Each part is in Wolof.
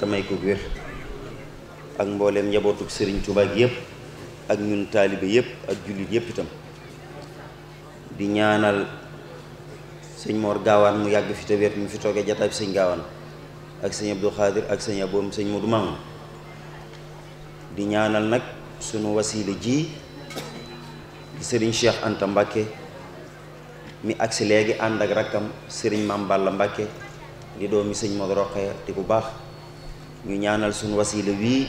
damay ko wér ak mbooleem njabootug sëriñ Tuubaa gi ak ñun taalibe yëpp ak jullit yëpp itam di ñaanal sëñ moor Gaawaan mu yàgg fi te wér mu fi toogee jataay sëñ Gaawaan ak sëñ Abdou Khadir ak sëñ Aboom sëñ Modou Mamoun di ñaanal nag sunu wasiila ji di sëriñ Cheikh Anta Mbacke mi ci léegi and ak rakam serigne lambake. Balla Mbàkke di mi serigne Modou Rokhaya di bu baax ñu ñaanal sun wasiila wi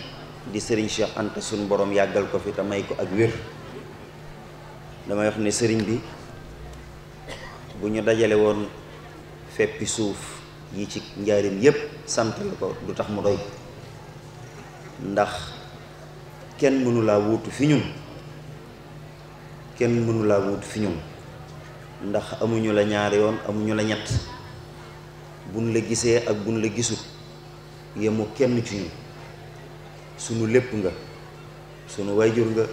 di serigne Cheikh Anta sun borom yagal ko fi ta may ko ak wér dama wax ne serigne bi bu ñu dajale won feppi suuf yi ci ndiarim yeb sante lako ko du tax mu doy ndax kenn mënu laa fi kenn mënu fi ndax amuñu la ñaar yoon amuñu la ñett buñ la gisee ak buñ la gisut yemu kenn ci ñu sunu lepp nga sunu wayjur nga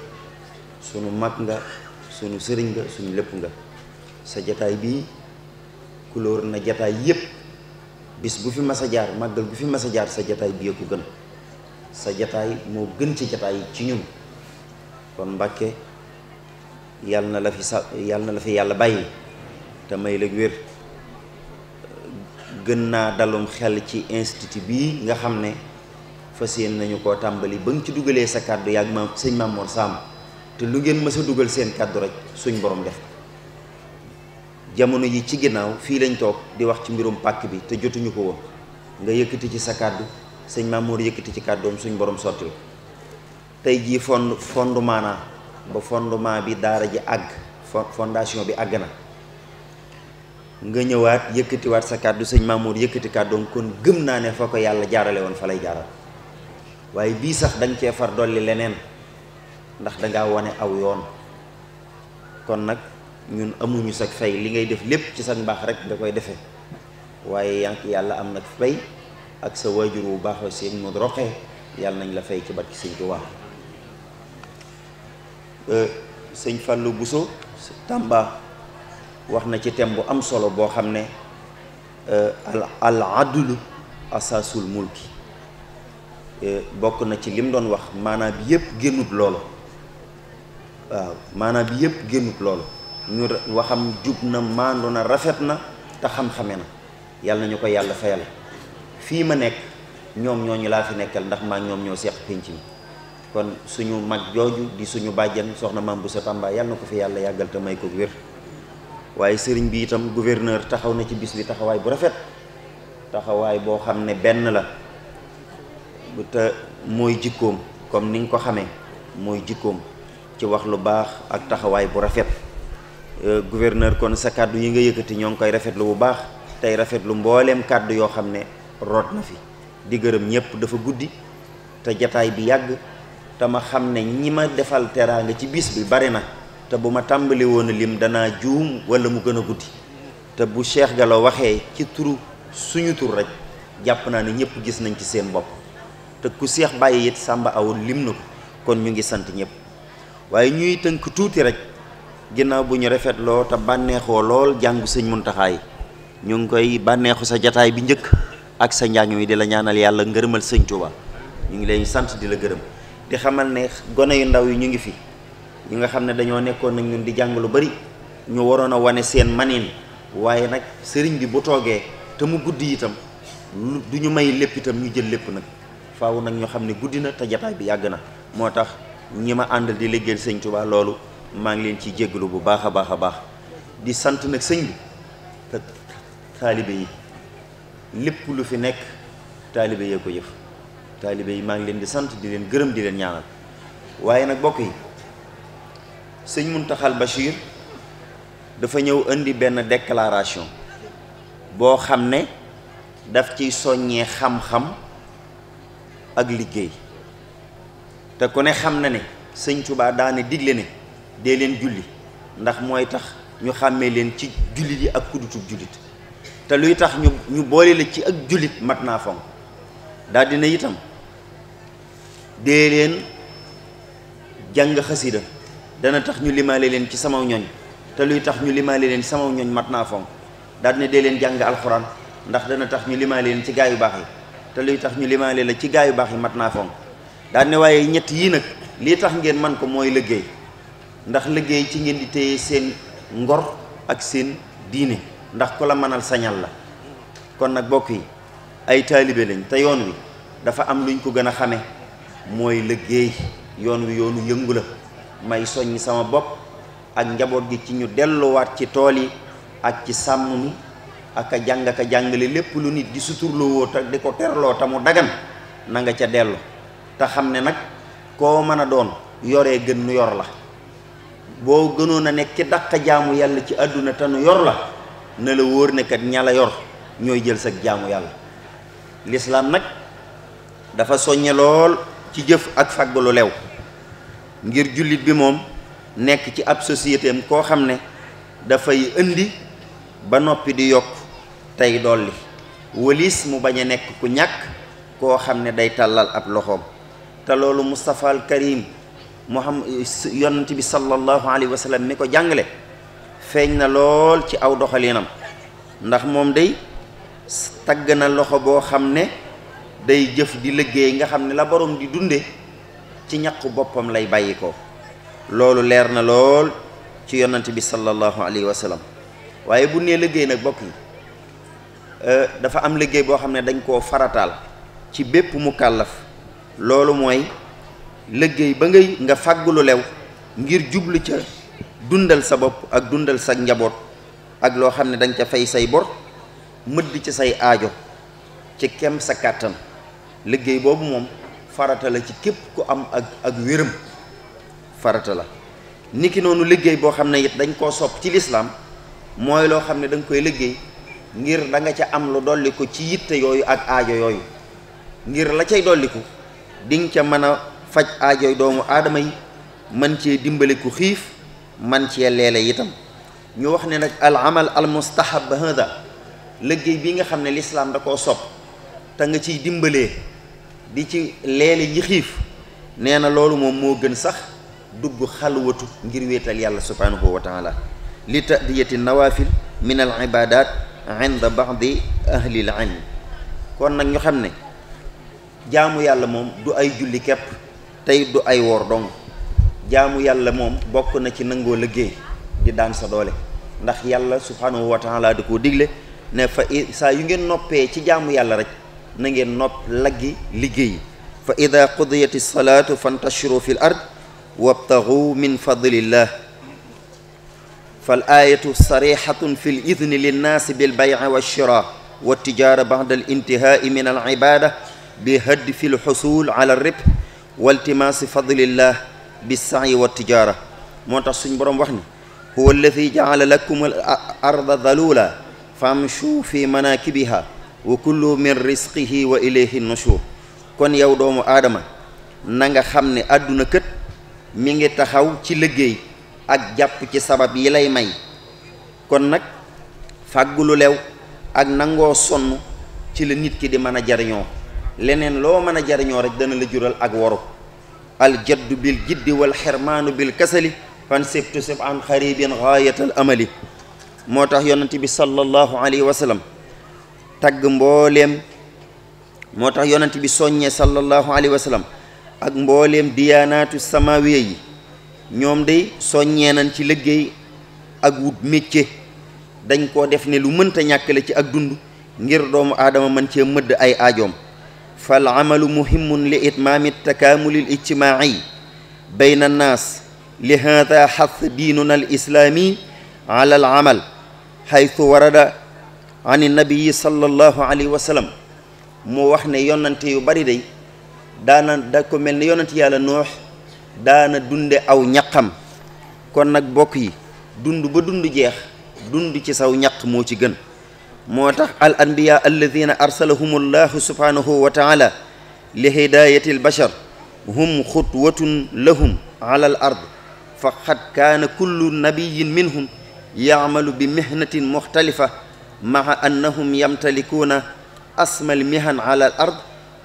sunu mag nga sunu sëriñ nga sunu lepp nga sa jotaay bi couleur na jotaay yépp bis bu fi massa bufi jaar sajatai bu fi massa jaar sa jotaay bi ko gën sa jotaay mo gën ci jotaay ci ñun kon mbacké yàlla na la fi sa yàlla na la fi yàlla bàyyi te may la wér gën naa dalum xel ci institut bii nga xam ne fas yéen nañu ko tàmbali ba nga ci dugalee sa kàddu yàgg ma sëñ Mamour Samb te lu ngeen mës a dugal seen kàddu rek suñ borom def jamono yi ci ginnaaw fii lañ toog di wax ci mbirum pàkk bi te jotuñu ko woon nga yëkkati ci sa kàddu sëñ Mamour yëkkati ci kàddoom suñ borom sottil tey jii fond fondement naa ba fondement bi daara ji ag fondation bi agna nga ñëwaat waat sa kàddu sëñ Mamour yëkëti kàddoom kon gëm na né fa ko yalla jaarale won fa lay jaaral waye bi sax dañ ci far doli lenen ndax nga woné aw yoon kon nak ñun amuñu sax fay li ngay def lepp ci sax mbaax rek da koy defee waye yank yalla am nak fay ak sa wajuru wu seen mu yalla nañ la fay ci barki Euh, sëñ Fallou Bousso Tamba wax na ci thème bu am solo boo xam ne euh, al adlu asaasul mulki euh, bokk na ci lim doon wax maanaam bi yëpp génnut loolu waaw maanaam bi yëpp génnut loolu ñu waxam jub na maandu na rafet na te xam-xame na yàlla ñu ko yàlla fayal fii ma nekk ñoom ñoo ñu laa fi nekkal ndax maa ñoom ñoo seq pénc mi kon suñu mag joju di suñu bajjan soxna mam bu sa Tamba yàlla na fi yalla yagal te may ko wér waye serigne bi itam gouverneur taxaw na ci bis bi taxaway bu rafet taxaway bo xamne ben la bu te moy jikkoom comme ni nga ko xamee moy jikkoom ci wax lu bax ak taxaway bu rafet euh, gouverneur kon sa kaddu yi nga yëkëti ñong koy rafet lu bu bax tay rafet lu mbollem kaddu yo ne rot na fi di gërëm ñepp dafa guddii ta jotaay bi yagg dama ma xam ne defal teranga ci bis bi bari na te buma tambali won lim dana joom wala mu gëna a guddi te bu Cheikh galo waxe ci turu suñu tur rek japp na ni ñepp gis nañ ci seen bop te ku Cheikh baye yit Samba Awa lim nu kon ñu ngi sant ñepp waye ñuy teunk tuuti rek ginaaw bu ñu lo te banexo lol jàngu señ muntaha yi ñu ngi koy sa jotaay bi ñeuk ak sa di la ñaanal yalla ngeureumal señ ñu ngi lay sant di la gëreum di xamal ne gone yu ndaw yi ñu ngi fi ñi nga xam ne dañoo nekkoon nag ñun di jàng lu bari ñu waroon a wane seen manin waaye nag sëriñ bi bu toogee te mu guddi itam du ñu may lépp itam ñu jël lépp nag faaw nag ñu xam ne guddi na te bi yàgg na moo tax ñi ma àndal di liggéeyal sëñ Tuubaa loolu maa ngi leen ciy jéggalu bu baax a baax a baax di sant nag sëñ bi te taalibe yi lépp lu fi nekk taalibe yee ko yëf taalibe yi maa ngi leen di sant di leen gërëm di leen ñaanal waaye nag bokk yi sëñ taxal Bachir dafa ñëw indi benn déclaration boo xam ne daf ci soññee xam-xam ak liggéey te ku ne xam na ne sëñ Tuubaa daane digle ne dee leen julli ndax mooy tax ñu xàmmee leen ci jullit yi ak kudutub jullit te luy tax ñu ñu boole la ci ak jullit mat naa fonk daal dina itam dee leen jàng dana tax ñu limale leen ci sama ñoon te luy tax ñu limale leen sama ñoon matna naa dal ne dee leen jàng ndax dana tax ñu limale leen ci gaa yu baax yi te luy tax ñu limale la ci gaa yu yi ne waye ñet yi nak li tax ngeen man ko moy liggey ndax liggey ci ngeen di téye seen ngor ak seen diine ndax ko la manal sañal la kon nak bokki ay talibé lañ te yoon wi dafa am luñ ko gëna xamé mooy liggéey yoon wi yoonu yëngu la may soññ sama bopp ak njaboot gi ci ñu delluwaat ci tool yi ak ci sàmm mi ak a jàng ak a jàngale lépp lu nit di suturloo te di ko terloo te mu dagan na nga ca dellu te xam ne nag koo mën a doon yore gën nu yor la boo gënoon a nekk ci dàq jaamu yàlla ci àdduna te nu yor la ne la wóor ne kat ña yor ñooy jël sag jaamu yàlla lislaam nag dafa soññe lool ci jëf ak fagg lew ngir jullit bi moom nekk ci ab société koo xam ne dafay indi ba noppi di yokk tey dolli walis mu bañ a nekk ku ñàkk koo xam ne day tàllal ab loxoom te loolu Moustapha al Karim Muhammad yonent bi sallallahu alayhi wa sallam ko jàngale feeñ na lool ci aw doxalinam ndax moom day tagg na loxo boo xam ne day jëf di liggéey nga xam la borom di dunde ci ñàkku bopam lay bayiko loolu leer na lool ci yonnati bi sallallahu alaihi wasallam waye bu nee liggéey nak bokk euh dafa am liggéey bo xam dañ ko faratal ci bép mu kàllaf loolu moy liggéey ba ngay nga faglu lew ngir jublu ci dundal sa bop ak dundal sa njabot ak lo xam dañ ca fay say bor mudd ci say aajo ci kem sa liggéey boobu moom farata la ci képp ku am ak ak wéram farata la nit ki noonu liggéey boo xam ne it dañ koo sopp ci lislaam mooy loo xam ne da koy liggéey ngir danga ca am lu dolli ci yitte yooyu ak aajo yooyu ngir la cay dolliku di nga ca mën a faj aajoy doomu aadama yi man cee dimbali ku xiif man cee leele itam ñu wax ne nag al amal al mustahab hada liggéey bi nga xam ne lislaam da koo sopp te nga ciy dimbalee di ci leele ñi xiif nee na loolu moom moo gën sax dugg xalwatu ngir wéetal yàlla subhaanahu wa taala li tadiyati nawafil min al ibadat inda ba'di ahlil ilm kon nag ñu xam ne jaamu yàlla moom du ay julli képp tey du ay woor dong jaamu yàlla moom bokk na ci nangoo liggéey di daan sa doole ndax yàlla subhaanahu wa taala da koo digle ne fa saa yu ngeen noppee ci jaamu yàlla rek نغي نوب لاغي ليغي فاذا قضيت الصلاه فانتشروا في الارض وابتغوا من فضل الله فالايه صريحه في الاذن للناس بالبيع والشراء والتجاره بعد الانتهاء من العباده بهدف الحصول على الربح والتماس فضل الله بالسعي والتجاره موتا سن بروم هو الذي جعل لكم الارض ذلولا فامشوا في مناكبها وكل من رزقه واليه النشور كون ياو دومو ادمه نغا خامني ادونا كت ميغي تخاو تي ليغي اك جاب تي سبب يلاي ماي كون نك فاغلو ليو اك نانغو سون تي لا نيت كي دي مانا جارنيو لنين لو مانا جارنيو رك دانا لا جورال اك وورو الجد بالجد والحرمان بالكسل فانسبت سبعا قريب غايه الامل موتاخ يونتي بي صلى الله عليه وسلم tag mbollem motax tax yonent bi soññee sallallahu alayhi wa sallam ak mbollem diyanatu samawiya yi ñoom de soññee nañ ci liggéey ak wut métier dañ ko def ne lu mënta la ci ak dund ngir doomu adama man ci mëdd ay ajom fal amalu muhimun li takamul al ijtimai bayna an-nas li hadha hath dinuna al islami ala al amal xaytu warada عن النبي صلى الله عليه وسلم مو واخني يوننتي يو بري داي دانا داكو ملني يوننتي يالا نوح دانا دوندي او نياخام كون نك بوكي دوندو با دوندو جيخ دوندو سي ساو نياخ مو سي گن موتاخ الانبياء الذين ارسلهم الله سبحانه وتعالى لهدايه البشر هم خطوه لهم على الارض فقد كان كل نبي منهم يعمل بمهنه مختلفه maa annahum yamtalikuuna asmal mihan ala al ard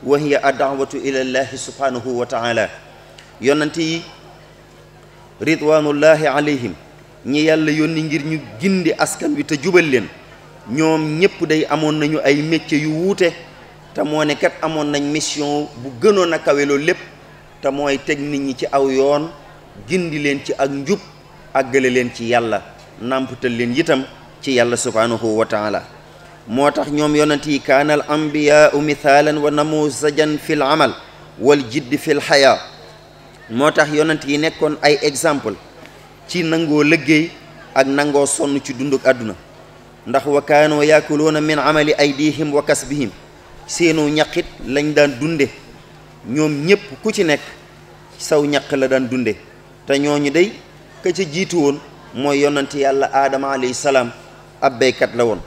wa hiya adawatu ila llahi subhanahu wa taala yonent yi alayhim ñi yàlla yónni ngir ñu gindi askan wi te jubal leen ñoom ñépp day amoon nañu ay métier yu wuute te kat amoon nañ mission bu gënoon a kaweloo loolu lépp te mooy teg nit ñi ci aw yoon gindi leen ci ak njub àggale leen ci yàlla nàmpatal leen yitam ci yàlla subhaanahu wa taala moo tax ñoom yonent yi kaana al ambiyaau mithaalan wa namuusajan fi l amal wal jidd fi l moo tax yonent yi nekkoon ay exemple ci nangoo liggéey ak nangoo sonn ci dunduk àdduna ndax wa kaanoo yaakuluuna min amali aydihim bi kasbihim seenu ñaqit lañ daan dunde ñoom ñépp ku ci nekk saw ñaq la daan dunde te ñooñu day ka ca jiitu woon mooy yonent yàlla aadama alayhi salaam abbaykat la won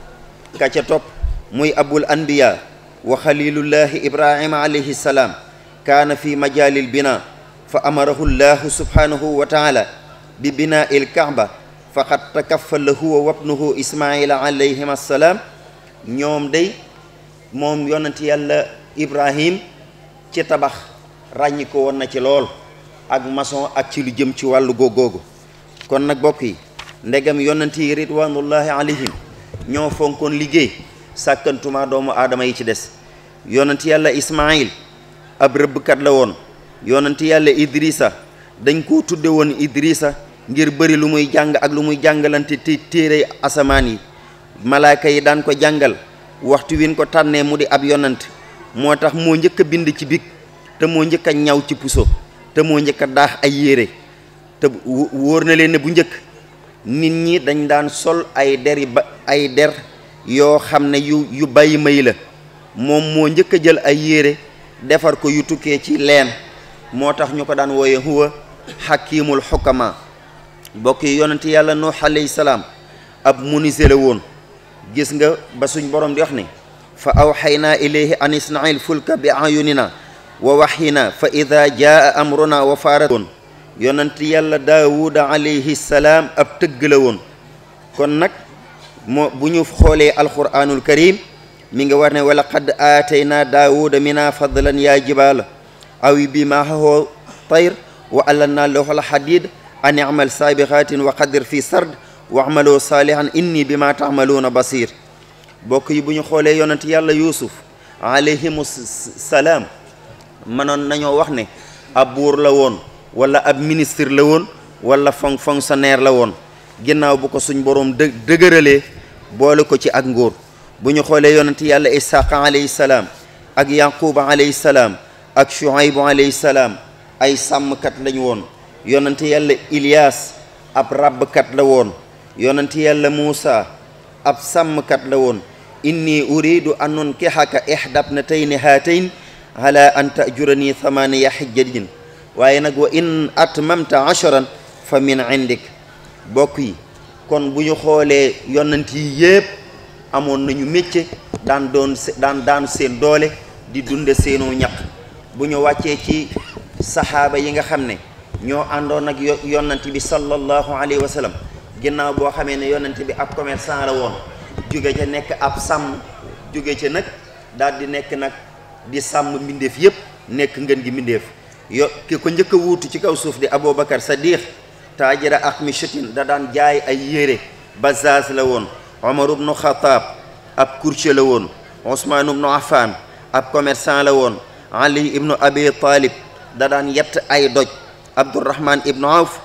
ka ca top muy abul anbiya wa khalilullah ibrahim alayhi salam kana fi majalil bina fa amarahu allah subhanahu wa taala bi bina'il il fa qad takaffala huwa ibnuhu isma'il alayhi assalaam ñom day mom yonent yàlla ibrahim ci tabax ragniko won na ci lol ak maçon ak ci lu jëm ci walu gogogo kon nak bokki ndegam yonent yi ridwanullahi alayhim ñoo fonkoon liggéey sàkkantuma doomu aadama yi ci des yonent yàlla ismail ab rëbbkat la woon yonent yàlla idrisa dañ koo tuddee woon idrisa ngir bëri lu muy jàng ak lu muy jàngalante ti téere asamaan yi malaaka yi daan ko jàngal waxtu win ko tànnee mu di ab yonant moo tax moo njëkk a bind ci big te moo njëkk a ñaw ci puso te moo njëkk a daax ay yére te wóor na leen ne bu njëkk nit ñi dañ daan sol ay der ba ay der yoo xam ne yu yu bàyyi may la moom moo njëkk jël ay yére defar ko yu tukkee ci leen moo tax ñu ko daan wooye huwa xakimul xukama bokk yi yonent yàlla nuux alayhi salaam ab menuisier la woon gis nga ba suñ borom di wax ni fa aw awxaynaa ilayhi an isnail fulka bi ayunina wa naa fa ida jaa amruna wa faaratoon yonent yàlla daawuda alayhi salaam ab tëgg la woon kon nag moo bu ñu karim mi nga war ne wala qad aataynaa daawuda mina fadlan yaa jibaala awi bi ma tayr wa allanna lahu alhadid an i'mal saabixaatin wa qadir fi sard wa amaloo saalihan inni bi ma basir bokk yi bu ñu xoolee yonent yàlla yuusuf alayhimu salaam mënoon nañoo wax ne ab la woon wala ab ministre la woon wala fon fonctionnaire la woon ginnaaw bu ko suñ boroom dë dëgëralee boole ko ci ak ngóor bu ñu xoolee yonent yàlla isaaqa alayhi salaam ak yaquba alayhi salaam ak shuaybu alayhi salaam ay sàmmkat lañu woon yonent yàlla ilias ab rabbkat la woon yonent yàlla muusa ab sàmmkat la woon inni uridu an unkihaka ihda ibnatayni haatayn ala an tajurani thamaniya hijjatin waaye nag wa in at atmamta asharan fa min indik bokk yi kon bu ñu xoolee yonent yi yépp amoon nañu métier daan doon daan seen doole di dunde seenoo ñaq bu ñu wàccee ci saxaaba yi nga xam ne ñoo àndoon ak yonent bi sallallahu alayhi wa sallam ginnaaw boo xamee ne yonent bi ab commerçant la woon jóge ca nekk ab sàmm jóge ca nag daal di nekk nag di sàmm mbindeef yépp nekk ngën gi mbindeef yo ki ko njëkk a wuutu ci kaw suuf di Aboubacar Sadiq taajira ak michetin da daan jaay ay yére bazaaz la woon Omar ibnu Xataab ab courtier la woon Ousmane ibnu Affan ab commerçant la woon Ali ibnu Abi Talib da daan yett ay doj Abdourahman ibnu Awf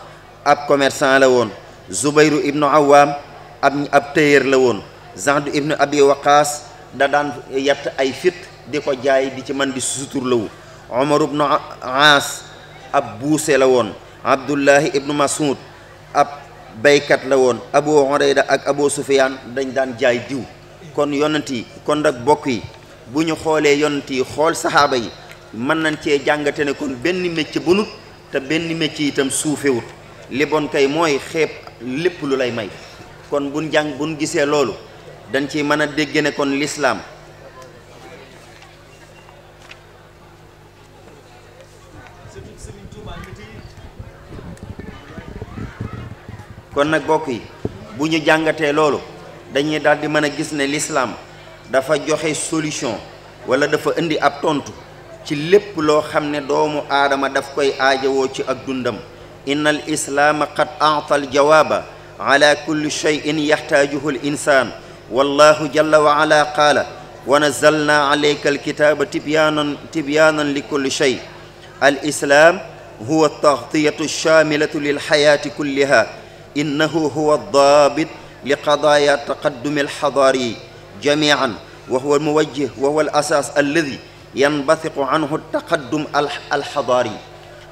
ab commerçant la woon Zubayru ibnu Awaam ab ab tailleur la woon Zaad ibnu Abi Waqaas da daan yett ay fit di ko jaay di ci man di suturlawu omar ibnu aas ab buuse la woon abdullahi ibnu masud ab baykat la woon abu hurayra ak abu sufyaan dañ daan jaay jiw kon yonent yi kon nag bokk yi bu ñu xoolee yonent yi xool saxaaba yi mën nañ cee jàngate ne kon benn métier bunut te benn métier itam suufewut li bon kay mooy xeeb lépp lu lay may kon buñ jàng buñ gisee loolu dañ ciy mën a dégg ne kon lislaam kon nag bokk yi bu ñu jàngatee loolu dañuy daal di mën a gis ne lislaam dafa joxe solution wala dafa indi ab tontu ci lépp loo xam ne doomu aadama daf koy aajowoo ci ak dundam inna al islaama qad aata al jawaaba ala kulli cheyin yaxtaajuhu l insaan wallahu jalla wa ala qaala wa nazalna alayka alkitaaba tibyaanan tibyaanan li kulli chey الإسلام هو التغطية الشاملة للحياة كلها إنه هو الضابط لقضايا التقدم الحضاري جميعا وهو الموجه وهو الأساس الذي ينبثق عنه التقدم الحضاري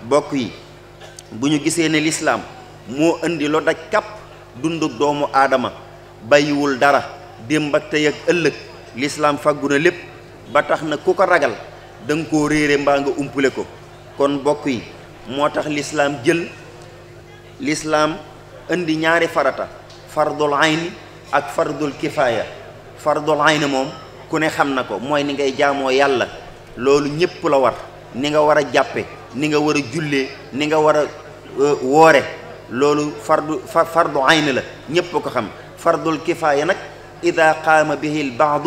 بقي بني جسين الإسلام مو أندي لودا كاب دندق دومو آدم بيول دارا ديم بكتيك ألك الإسلام فاقونا لب batax na kuko ragal dang ko réré kon bokk yi motax l'islam djel l'islam indi ñaari farata fardul ayn ak fardul kifaya fardul ayn mom ku ne xam nako moy ni ngay jamo yàlla lolou ñépp la war ni nga wara jàppe ni nga wara a ni nga wara woré lolou fardu fardu ayn la ñépp ko xam fardul kifaya nak ida qama bihi al ba'd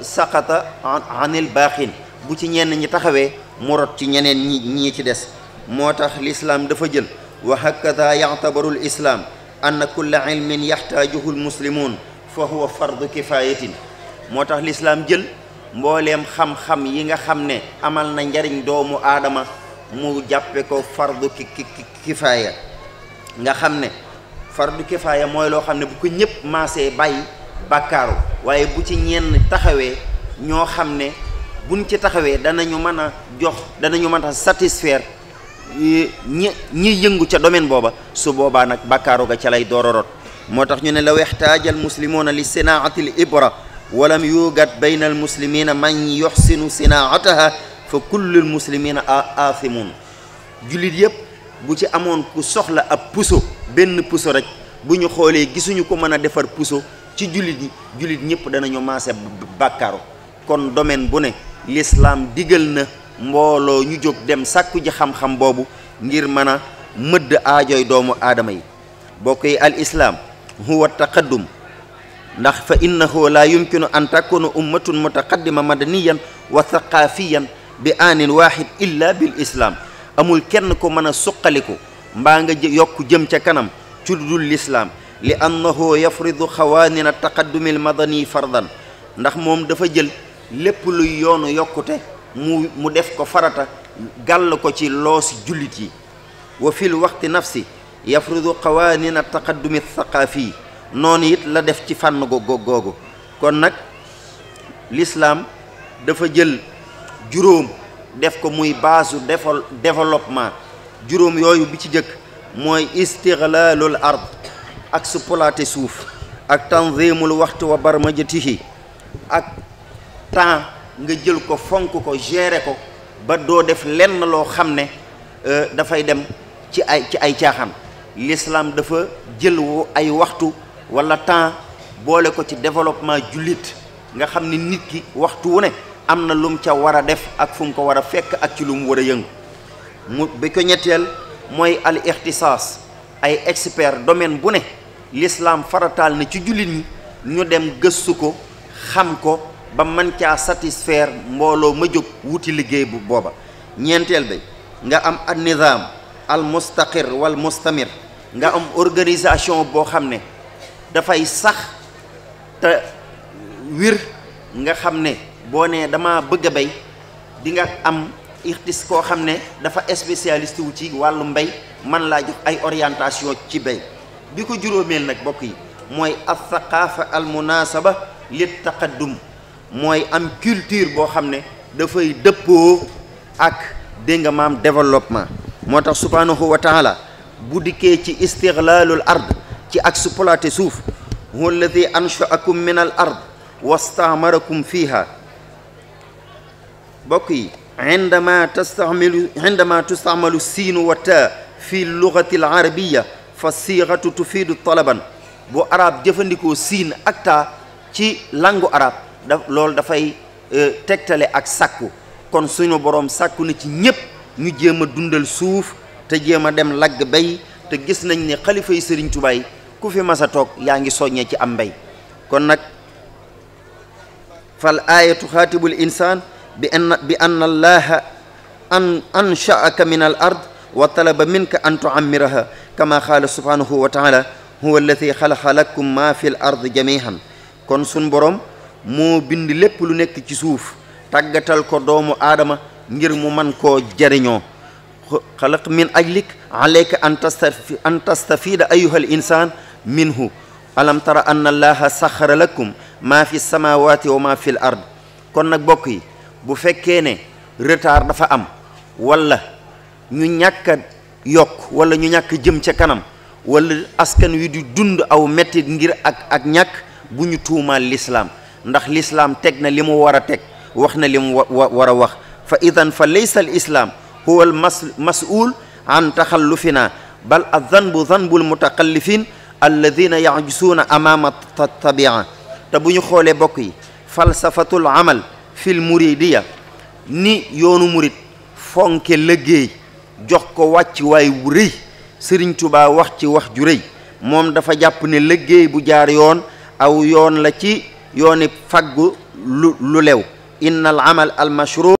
saqata an al baqin bu ci ñen ñi taxawé mu rot ci ñeneen ñi ñii ci des moo tax lislaam dafa jël wa hakada yactabaru l islaam ann kulla ilmin yaxtaajuhu l muslimuun fa huwa fardu kifayatin moo tax lislaam jël mbooleem xam-xam yi nga xam ne amal na njariñ doomu aadama mu jàppe ko fardu ki kifaaya nga xam ne fardu kifaaya mooy loo xam ne bu ko ñëpp maasee bàyyi bàkkaaru waaye bu ci ñenn taxawee ñoo xam ne buñ ci taxawee danañu mën a jox danañu mën a satisfaire ñi ñi yëngu ca domaine booba su boobaa nag bakkaaru ga ca lay doororot moo tax ñu ne law ixtaaja al muslimuuna li sinaati l ibra walam yuugat bayna al muslimina man yuxsinu sinaataha fa kullu l muslimina aathimun jullit yépp bu ci amoon ku soxla ab puso benn puso rek bu ñu xoolee gisuñu ko mën a defar puso ci jullit yi jullit ñëpp danañu maase bàkkaaru kon domaine bu ne lislaam digal na mbooloo ñu jóg dem sàkku ji xam-xam boobu ngir mën a mëdd aajooy doomu aadama yi boo yi al islaam huwa taqaddum ndax fa innahu la yumkinu an takuna ummatun mutaqaddima madaniyan wa thaqaafiyan bi aanin waaxid illa bil islaam amul kenn ko mën a suqaliku mbaa nga yokk jëm ca kanam ci dul lislaam li annahu yafridu xawaanina taqaddumi al madani fardan ndax moom dafa jël lépp luy yoonu yokkute mu mu def ko farata gàll ko ci loosi jullit yi wa fil waxti nafsi yafrudu qawaanina taqaddumi thaqaafi noonu it la def ci fànn googu googu kon nag lislaam dafa jël juróom def ko muy baasu defal juróom yooyu bi ci jëkk mooy istiglaalul ard ak exploiter suuf ak tanzimul waxtu wa barmajatihi ak temps nga jël ko fonk ko gérer ko ba doo def lenn loo xam ne euh, dafay dem ci ay ci ay caaxaan l'islam dafa jël ay waxtu walla temps boole ko ci développement jullit nga xam ni nit ki waxtu wu ne am na lum ca war a def ak fum ko war a fekk ak ci lu mu war a yëngu mu bi ko ñetteel mooy al ixtisaas ay expert domaine bu ne l'islam farataal na ci jullit ñi ñu dem gëstu ko xam ko ba man caa satisfaire mbooloo ma jóg wuti liggéey bu booba ñeenteel bi nga am an nizaam al mustaqir wal mustamir nga am organisation boo xam ne dafay sax te nga xam ne boo nee dama bëgg a béy di nga am irtis koo xam ne dafa spécialiste wu ci wàllu mbéy man laa jox ay orientation ci béy bi ko juróomeel nag bokk yi mooy al thaqaafa al munasaba lit taqaddum moy am culture bo xamné da fay dëppoo ak dégg maam développement motax subhanahu wa taala bu diké ci istighlalul ard ci ak supplanter souf huwa alladi anshaakum min al ard wastamarakum fiha bokki عندما تستعمل عندما تستعمل السين والتاء في اللغه العربيه فالصيغه تفيد arabiya بو عرب جفنديكو سين اكتا تي لانغو عرب da fay tektale ak sàkku kon suñu borom sàkku na ci ñëpp ñu jema dundal suuf te jema dem lag bay te gis nañ ni khalifa yi touba yi ku fi massa tok yaangi soñe ci am bay kon nak fal ayatu khatibul insan bi anna bi anna allah an anshaaka min al ard wa talaba minka an tuammiraha kama qaala subhanahu wa taala huwa alladi xalaqa lakum ma fi l ard jamihan kon sun moo bind lépp lu nekk ci suuf tàggatal ko doomu aadama ngir mu man koo jariñoo xalaq min ajlik alayka an tastafi an tastafida ayuha al insaan minhu alam anna allaha saxara lakum maa fi samawati wa maa fi ard kon nag bokk yi bu fekkee ne retard dafa am wala ñu ñàkk yokk wala ñu ñàkk jëm ca kanam wala askan wi di dund aw mettit ngir ak ak ñàkk bu ñu tuumaal lislaam ndax l'islam tek na limu wara tek a teg wax na li mu wax fa idhan fa laysa al islaam huwa al masul an takhallufina bal adh-dhanbu adanbu mutaqallifin alladhina ya'jisuna amama at tabia ta buñu xolé bokk yi falsafatul amal fil muridiyya ni yonu murid fonke liggéey jox ko wàcc way wu reey serigne touba wax ci wax ju reey mom dafa jàpp ne liggéey bu jaar yon aw yon la ci يوني فغو لولو ان العمل المشروع